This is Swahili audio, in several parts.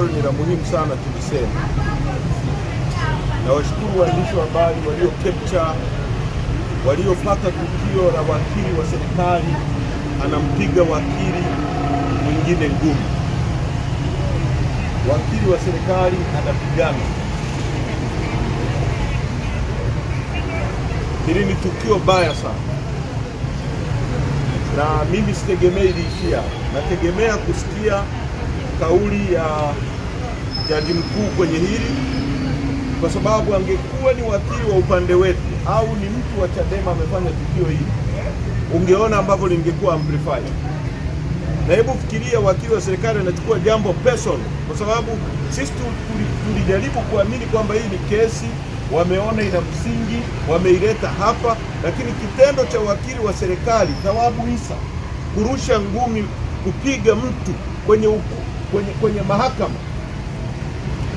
ambalo ni la muhimu sana tulisema. Nawashukuru waandishi wa habari waliokepcha, waliopata tukio la wakili wa serikali anampiga wakili mwingine ngumi, wakili wa serikali anapigana. Hili ni tukio baya sana na mimi sitegemei liishia, nategemea kusikia kauli ya jaji mkuu kwenye hili, kwa sababu angekuwa ni wakili wa upande wetu au ni mtu wa Chadema amefanya tukio hili, ungeona ambavyo lingekuwa amplified. Na hebu fikiria, wakili wa serikali anachukua jambo personal, kwa sababu sisi tulijaribu kuamini kwamba hii ni kesi wameona ina msingi, wameileta hapa, lakini kitendo cha wakili wa serikali Thawabu Isa kurusha ngumi kupiga mtu kwenye uku, kwenye, kwenye mahakama.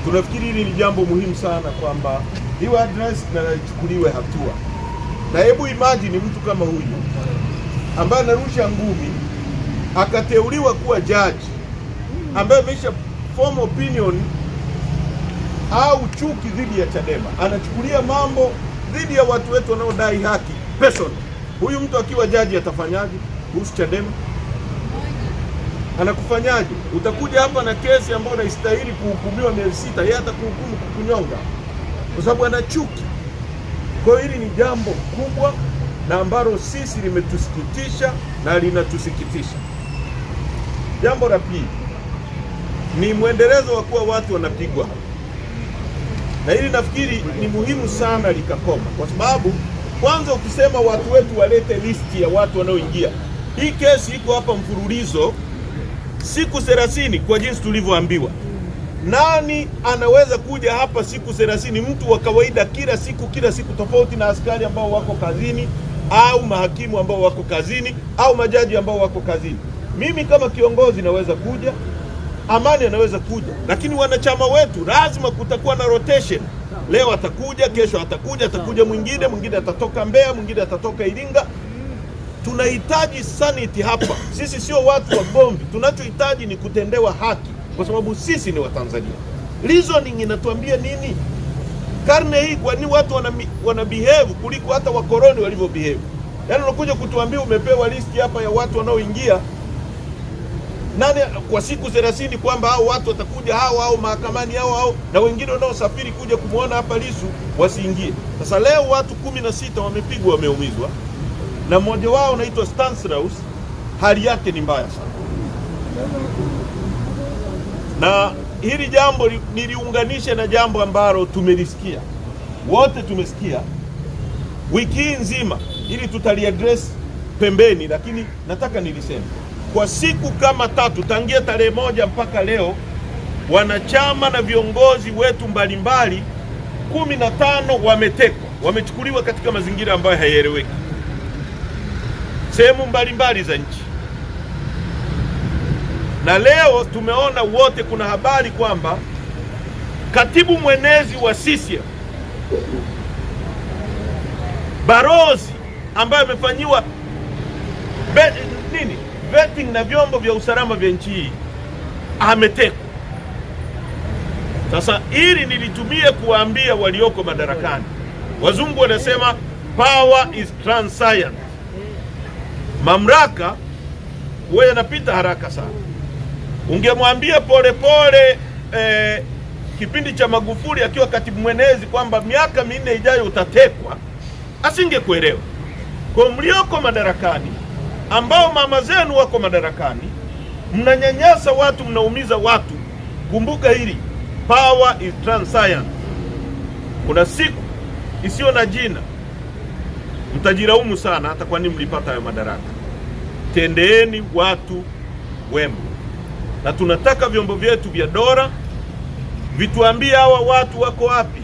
Tunafikiri hili ni jambo muhimu sana kwamba hiyo address na hatua. Na hebu imagine mtu kama huyu ambaye anarusha ngumi akateuliwa kuwa jaji ambaye ameisha form opinion au chuki dhidi ya Chadema, anachukulia mambo dhidi ya watu wetu wanaodai haki person. Huyu mtu akiwa jaji atafanyaje kuhusu Chadema? anakufanyaje? Utakuja hapa na kesi ambayo unaistahili kuhukumiwa miezi sita, yeye atakuhukumu kukunyonga, kwa sababu ana chuki. Kwa hiyo hili ni jambo kubwa na ambalo sisi limetusikitisha na linatusikitisha. Jambo la pili ni mwendelezo wa kuwa watu wanapigwa, na hili nafikiri ni muhimu sana likakoma, kwa sababu kwanza ukisema watu wetu walete listi ya watu wanaoingia, hii kesi iko hapa mfululizo siku 30 kwa jinsi tulivyoambiwa. Nani anaweza kuja hapa siku 30? Mtu wa kawaida, kila siku kila siku, tofauti na askari ambao wako kazini au mahakimu ambao wako kazini au majaji ambao wako kazini. Mimi kama kiongozi naweza kuja, Amani anaweza kuja, lakini wanachama wetu lazima kutakuwa na rotation. Leo atakuja, kesho atakuja, atakuja mwingine, mwingine atatoka Mbeya, mwingine atatoka Iringa tunahitaji sanity hapa. Sisi sio watu wagomvi, tunachohitaji ni kutendewa haki, kwa sababu sisi ni Watanzania. Reasoning inatuambia nini? Karne hii kwa nini watu wana, wana behave kuliko hata wakoloni walivyo behave? Yaani unakuja kutuambia umepewa listi hapa ya watu wanaoingia nani kwa siku 30 kwamba hao watu watakuja hao au mahakamani hao au na wengine wanaosafiri kuja kumwona hapa lisu wasiingie. Sasa leo watu kumi na sita wamepigwa, wameumizwa na mmoja wao unaitwa Stanislaus, hali yake ni mbaya sana, na hili jambo niliunganishe na jambo ambalo tumelisikia wote, tumesikia wiki hii nzima, ili tutaliadresi pembeni, lakini nataka niliseme kwa siku kama tatu tangia tarehe moja mpaka leo wanachama na viongozi wetu mbalimbali kumi na tano wametekwa, wamechukuliwa katika mazingira ambayo hayaeleweki sehemu mbalimbali za nchi, na leo tumeona wote, kuna habari kwamba katibu mwenezi wa CCM Barozi ambaye amefanyiwa nini vetting na vyombo vya usalama vya nchi hii ametekwa. Sasa ili nilitumie kuwaambia walioko madarakani, wazungu wanasema power is transient mamlaka huwa yanapita haraka sana. Ungemwambia Polepole eh, kipindi cha Magufuli akiwa katibu mwenezi kwamba miaka minne ijayo utatekwa, asingekuelewa. Kwa mlioko madarakani, ambao mama zenu wako madarakani, mnanyanyasa watu, mnaumiza watu, kumbuka hili, power is transient. Kuna siku isiyo na jina mtajiraumu sana hata kwa nini mlipata hayo madaraka tendeeni watu wema, na tunataka vyombo vyetu vya dola vituambie hawa watu wako wapi.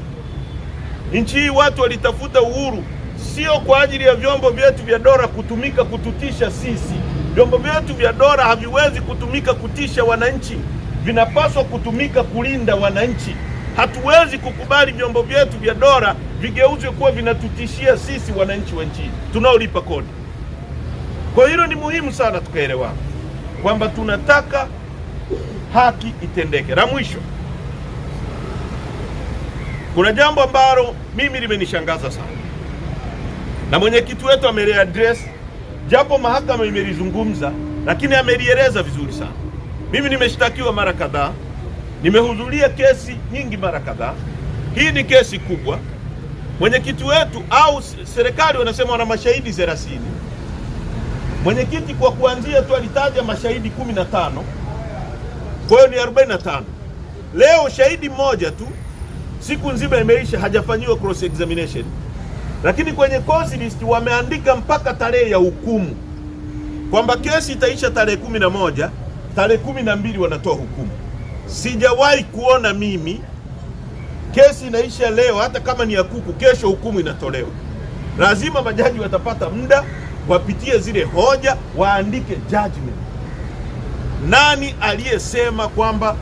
Nchi hii watu walitafuta uhuru, sio kwa ajili ya vyombo vyetu vya dola kutumika kututisha sisi. Vyombo vyetu vya dola haviwezi kutumika kutisha wananchi, vinapaswa kutumika kulinda wananchi. Hatuwezi kukubali vyombo vyetu vya dola vigeuzwe kuwa vinatutishia sisi wananchi wa nchi tunaolipa kodi. Kwa hilo ni muhimu sana tukaelewa kwamba tunataka haki itendeke. La mwisho, kuna jambo ambalo mimi limenishangaza sana na mwenyekiti wetu ameliadress, japo mahakama imelizungumza, lakini amelieleza vizuri sana. Mimi nimeshtakiwa mara kadhaa, nimehudhuria kesi nyingi mara kadhaa. Hii ni kesi kubwa. Mwenyekiti wetu au serikali wanasema wana mashahidi thelathini. Mwenyekiti kwa kuanzia tu alitaja mashahidi kumi na tano, kwa hiyo ni 45 Leo shahidi mmoja tu siku nzima imeisha, hajafanyiwa cross examination, lakini kwenye cause list wameandika mpaka tarehe ya hukumu kwamba kesi itaisha tarehe kumi na moja, tarehe kumi na mbili wanatoa hukumu. Sijawahi kuona mimi kesi inaisha leo, hata kama ni ya kuku, kesho hukumu inatolewa. Lazima majaji watapata muda wapitie zile hoja, waandike judgment. Nani aliyesema kwamba,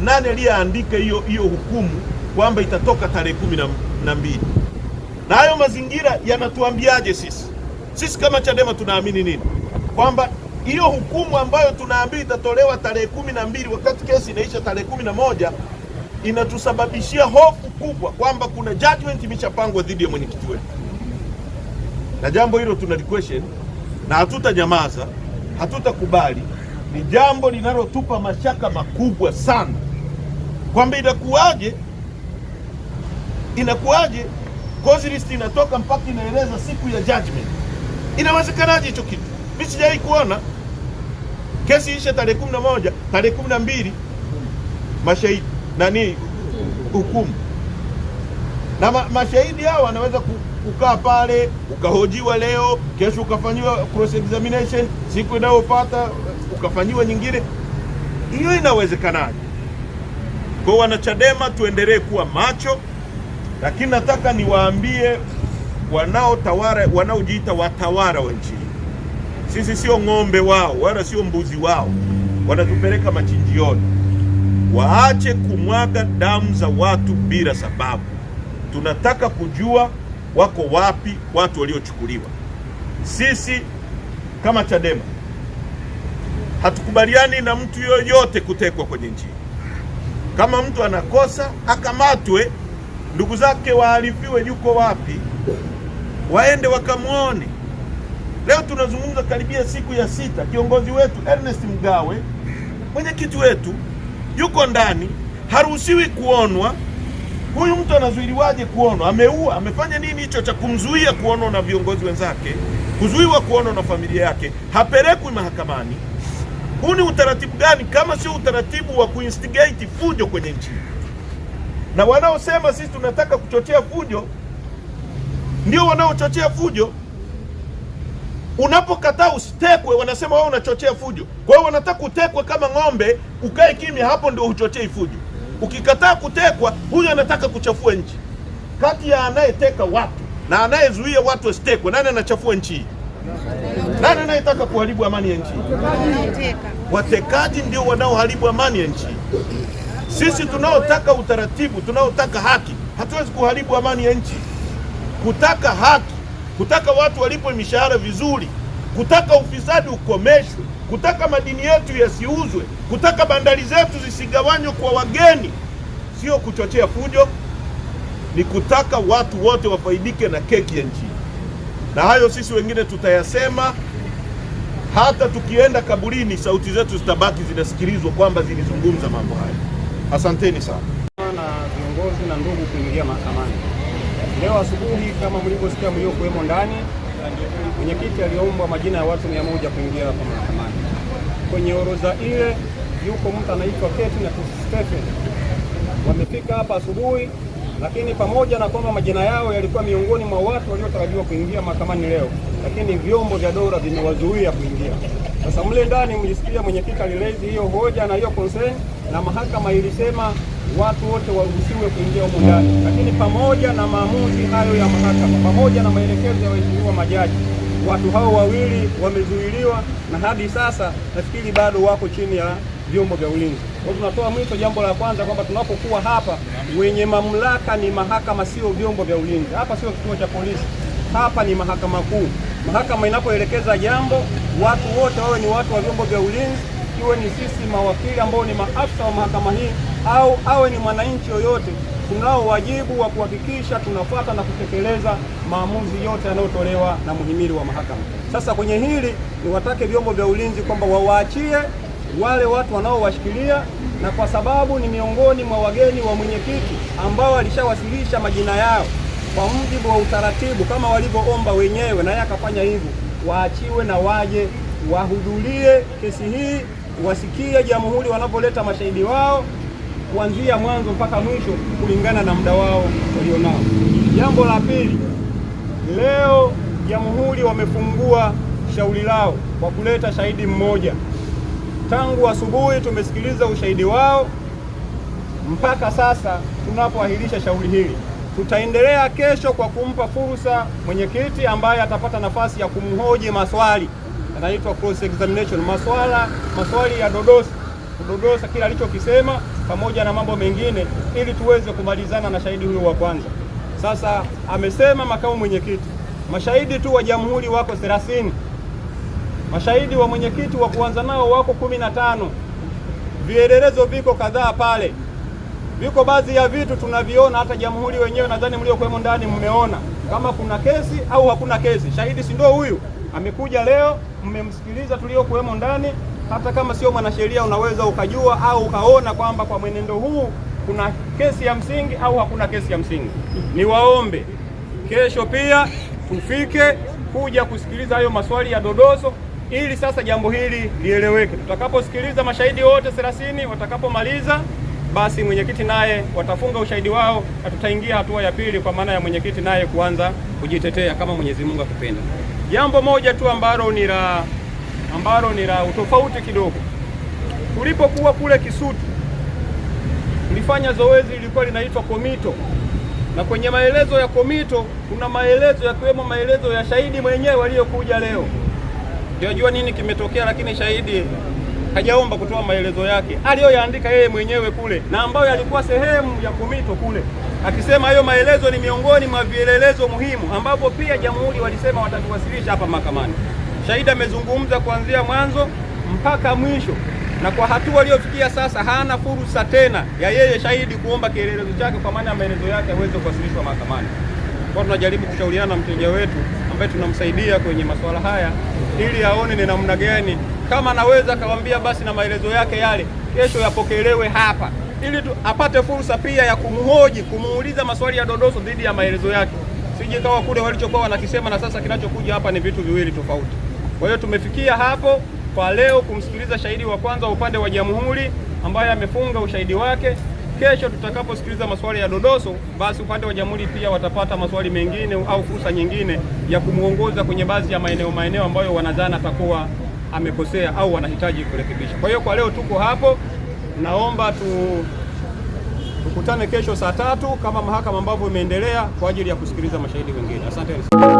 nani aliyeandika hiyo hiyo hukumu kwamba itatoka tarehe kumi na mbili? Na hayo mazingira yanatuambiaje sisi? Sisi kama Chadema tunaamini nini? Kwamba hiyo hukumu ambayo tunaambiwa itatolewa tarehe kumi na mbili wakati kesi inaisha tarehe kumi na moja inatusababishia hofu kubwa kwamba kuna judgment imeshapangwa dhidi ya mwenyekiti wetu na jambo hilo tuna question na hatutanyamaza hatutakubali. Ni jambo linalotupa mashaka makubwa sana kwamba itakuwaje, inakuwaje cause list inatoka mpaka inaeleza siku ya judgment. Inawezekanaje hicho kitu? Mi sijawahi kuona kesi ishe tarehe kumi na moja tarehe kumi na mbili mashahidi nani hukumu na ma, mashahidi hao wanaweza ku kukaa pale ukahojiwa leo, kesho ukafanyiwa cross examination, siku inayopata ukafanyiwa nyingine. Hiyo inawezekanaje? Kwa wanachadema tuendelee kuwa macho, lakini nataka niwaambie wanaotawara, wanaojiita watawara wa nchi, sisi sio ng'ombe wao wala sio mbuzi wao, wanatupeleka machinjioni. Waache kumwaga damu za watu bila sababu. Tunataka kujua wako wapi watu waliochukuliwa? Sisi kama Chadema hatukubaliani na mtu yoyote kutekwa kwenye nchi. Kama mtu anakosa akamatwe, ndugu zake waarifiwe yuko wapi, waende wakamwone. Leo tunazungumza karibia siku ya sita, kiongozi wetu Ernest Mgawe, mwenyekiti wetu, yuko ndani, haruhusiwi kuonwa huyu mtu anazuiliwaje kuonwa? Ameua, amefanya nini hicho cha kumzuia kuonwa na viongozi wenzake, kuzuiwa kuonwa na familia yake? Hapelekwi mahakamani. Huu ni utaratibu gani kama sio utaratibu wa kuinstigate fujo kwenye nchi? Na wanaosema sisi tunataka kuchochea fujo ndio wanaochochea fujo. Unapokataa usitekwe, wanasema wao unachochea fujo. Kwa hiyo wanataka utekwe kama ng'ombe, ukae kimya, hapo ndio huchochei fujo. Ukikataa kutekwa, huyu anataka kuchafua nchi. Kati ya anayeteka watu na anayezuia watu wasitekwe, nani anachafua nchi hii? Nani anayetaka kuharibu amani ya nchi? Watekaji ndio wanaoharibu amani ya nchi. Sisi tunaotaka utaratibu, tunaotaka haki, hatuwezi kuharibu amani ya nchi. Kutaka haki, kutaka watu walipwe mishahara vizuri, kutaka ufisadi ukomeshwe, kutaka madini yetu yasiuzwe, kutaka bandari zetu zisigawanywe kwa wageni. Sio kuchochea fujo, ni kutaka watu wote wafaidike na keki ya nchi. Na hayo sisi wengine tutayasema, hata tukienda kaburini, sauti zetu zitabaki zinasikilizwa kwamba zilizungumza mambo hayo. Asanteni sana na viongozi na ndugu kuingia mahakamani leo asubuhi, kama mlivyosikia mliokuwemo ndani Mwenyekiti aliomba majina ya watu mia moja kuingia hapa mahakamani. Kwenye orodha ile yuko mtu anaitwa Keti na Stephen, wamefika hapa asubuhi, lakini pamoja na kwamba majina yao yalikuwa miongoni mwa watu waliotarajiwa kuingia mahakamani leo, lakini vyombo vya dola vimewazuia kuingia. Sasa mle ndani mlisikia mwenyekiti alirezi hiyo hoja na hiyo concern, na mahakama ilisema watu wote waruhusiwe kuingia humo ndani. Lakini pamoja na maamuzi hayo ya mahakama, pamoja na maelekezo ya waheshimiwa majaji, watu hao wawili wamezuiliwa na hadi sasa nafikiri bado wako chini ya vyombo vya ulinzi. Kwa tunatoa mwito, jambo la kwanza kwamba tunapokuwa hapa, wenye mamlaka ni mahakama, sio vyombo vya ulinzi. Hapa sio kituo cha polisi, hapa ni mahakama kuu. Mahakama inapoelekeza jambo, watu wote wawe ni watu wa vyombo vya ulinzi iwe ni sisi mawakili ambao ni maafisa wa mahakama hii au awe ni mwananchi yoyote, tunao wajibu wa kuhakikisha tunafuata na kutekeleza maamuzi yote yanayotolewa na muhimili wa mahakama. Sasa kwenye hili niwatake vyombo vya ulinzi kwamba wawaachie wale watu wanaowashikilia, na kwa sababu ni miongoni mwa wageni wa mwenyekiti ambao alishawasilisha majina yao kwa mujibu wa utaratibu kama walivyoomba wenyewe, na yeye akafanya hivyo, waachiwe na waje wahudhurie kesi hii wasikie jamhuri wanapoleta mashahidi wao kuanzia mwanzo mpaka mwisho kulingana na muda wao walionao. Jambo la pili, leo jamhuri wamefungua shauri lao kwa kuleta shahidi mmoja. Tangu asubuhi tumesikiliza ushahidi wao mpaka sasa tunapoahirisha shauri hili. Tutaendelea kesho kwa kumpa fursa mwenyekiti ambaye atapata nafasi ya kumhoji maswali anaitwa cross examination, maswala maswali ya dodosa kudodosa kila alichokisema pamoja na mambo mengine, ili tuweze kumalizana na shahidi huyo wa kwanza. Sasa amesema makamu mwenyekiti, mashahidi tu wa jamhuri wako 30, mashahidi wa mwenyekiti wa kuanza nao wako kumi na tano. Vielelezo viko kadhaa pale, viko baadhi ya vitu tunaviona, hata jamhuri wenyewe nadhani mliokuwemo ndani mmeona kama kuna kesi au hakuna kesi. Shahidi si ndio huyu? Amekuja leo, mmemsikiliza tuliokuwemo ndani. Hata kama sio mwanasheria, unaweza ukajua au ukaona kwamba kwa mwenendo huu kuna kesi ya msingi au hakuna kesi ya msingi. Niwaombe kesho pia tufike kuja kusikiliza hayo maswali ya dodoso, ili sasa jambo hili lieleweke. Tutakaposikiliza mashahidi wote 30 watakapomaliza basi mwenyekiti naye watafunga ushahidi wao na tutaingia hatua ya pili, kwa maana ya mwenyekiti naye kuanza kujitetea kama Mwenyezi Mungu akipenda. Jambo moja tu ambalo ni la ambalo ni la utofauti kidogo, tulipokuwa kule Kisutu tulifanya zoezi lilikuwa linaitwa komito, na kwenye maelezo ya komito kuna maelezo yakiwemo maelezo ya shahidi mwenyewe aliyokuja leo. Sijajua nini kimetokea, lakini shahidi hajaomba kutoa maelezo yake aliyoyaandika yeye mwenyewe kule na ambayo yalikuwa sehemu ya komito kule akisema hayo maelezo ni miongoni mwa vielelezo muhimu ambapo pia jamhuri walisema watatuwasilisha hapa mahakamani. Shahidi amezungumza kuanzia mwanzo mpaka mwisho, na kwa hatua aliyofikia sasa hana fursa tena ya yeye shahidi kuomba kielelezo chake, kwa maana ya maelezo yake yaweze kuwasilishwa mahakamani. Kwa tunajaribu kushauriana na mteja wetu ambaye tunamsaidia kwenye masuala haya ili aone ni namna gani kama anaweza akawambia basi na maelezo yake yale kesho yapokelewe hapa ili tu, apate fursa pia ya kumhoji, kumuuliza maswali ya dodoso dhidi ya maelezo yake, sije kawa kule walichokuwa wanakisema na sasa kinachokuja hapa ni vitu viwili tofauti. Kwa hiyo tumefikia hapo kwa leo kumsikiliza shahidi wa kwanza upande wa jamhuri ambaye amefunga ushahidi wake. Kesho tutakaposikiliza maswali ya dodoso, basi upande wa jamhuri pia watapata maswali mengine au fursa nyingine ya kumwongoza kwenye baadhi ya maeneo maeneo ambayo wanadhani atakuwa amekosea au wanahitaji kurekebisha. Kwa hiyo kwa leo tuko hapo naomba tu tukutane kesho saa tatu kama mahakama ambavyo imeendelea kwa ajili ya kusikiliza mashahidi wengine. Asante.